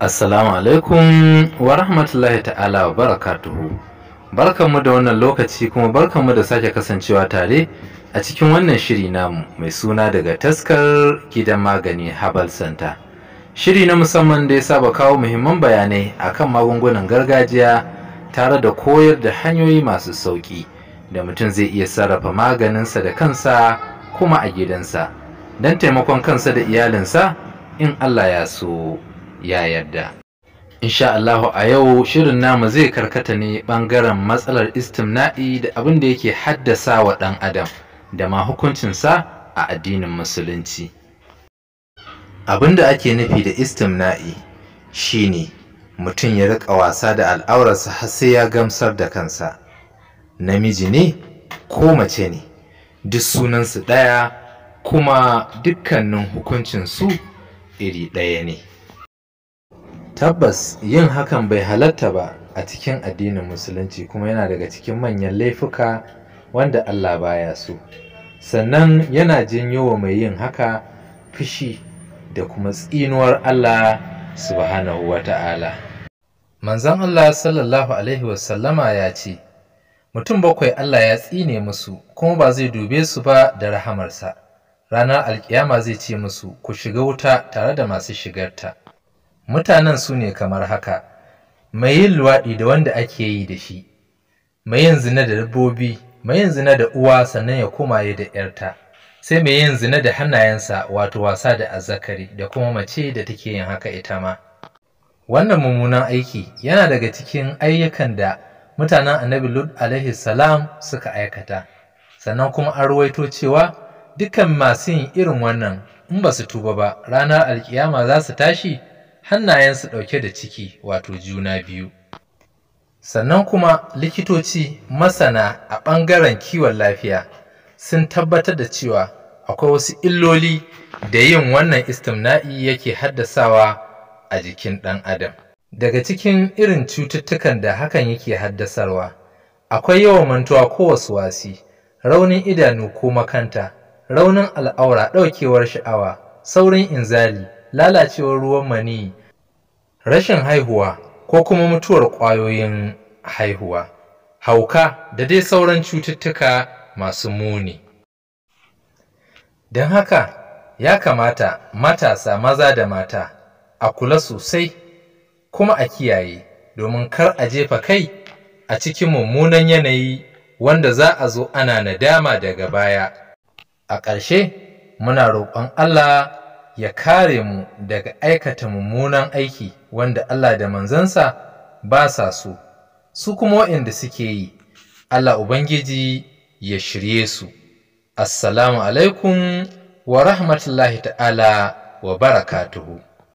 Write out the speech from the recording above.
Assalamu alaikum wa rahmatullahi ta'ala wa barakatuhu. Barkanmu da wannan lokaci kuma barkanmu da sake kasancewa tare a cikin wannan shiri namu mai suna daga taskar gidan magani Herbal Center. Shiri na musamman da ya saba kawo muhimman bayanai a kan magungunan gargajiya tare da koyar da hanyoyi masu sauƙi da mutum zai iya sarrafa maganinsa da kansa kuma a gidansa don taimakon kansa da iyalinsa in Allah ya so ya yarda. Insha Allahu a yau shirin namu zai karkata ne ɓangaren matsalar istimna'i da abin da yake haddasa wa ɗan adam da ma hukuncinsa a addinin musulunci. Abin da ake nufi da istimna'i ne, mutum ya riƙa wasa da al'aurarsa har sai ya gamsar da kansa. Namiji ne ko mace ne. duk sunansu ɗaya kuma dukkanin hukuncinsu iri ɗaya ne tabbas yin hakan bai halatta ba a cikin addinin musulunci kuma yana daga cikin manyan laifuka wanda allah baya so sannan yana janyo wa mai yin haka fushi da kuma tsinuwar allah subhanahu wa manzon allah sallallahu alaihi wasallama ya ce mutum bakwai Allah ya tsine musu kuma ba zai dube su ba da rahamarsa ranar alkiyama zai ce musu ku shiga wuta tare da masu shigarta mutanen su ne kamar haka mai yin luwaɗi da wanda ake yi da shi mai yin zina da dabbobi mai yin zina da uwa sannan ya koma ya da ‘yarta sai mai yin zina da hannayensa wato wasa da azzakari da kuma mace da take yin haka ita ma wannan mummunan aiki yana daga cikin ayyukan da mutanen annabi lut alaihi salam suka aikata sannan kuma an ruwaito cewa dukan masu yin irin wannan in ba su tuba ba ranar alkiyama za su tashi hannayensu ɗauke da ciki wato juna biyu sannan kuma likitoci masana a ɓangaren kiwon lafiya sun tabbatar da cewa akwai wasu illoli da yin wannan istimna'i yake haddasawa a jikin ɗan adam Daga cikin irin cututtukan da hakan yake haddasarwa, akwai yawan mantuwa ko wasi, raunin idanu ko makanta, raunin al'aura ɗaukewar sha'awa, saurin inzali, lalacewar ruwan mani. rashin haihuwa ko kuma mutuwar ƙwayoyin haihuwa, hauka da dai sauran cututtuka masu muni. Don haka, ya kamata matasa maza da mata a kula sosai kuma a kiyaye domin kar a jefa kai a cikin mummunan yanayi wanda za a zo ana nadama daga baya. A ƙarshe, muna roƙon Allah ya kare mu daga aikata mummunan aiki wanda Allah da manzansa ba sa so, su kuma waɗanda suke yi, Allah Ubangiji ya shirye su. Assalamu alaikum wa rahmatullahi ta'ala wa barakatuhu.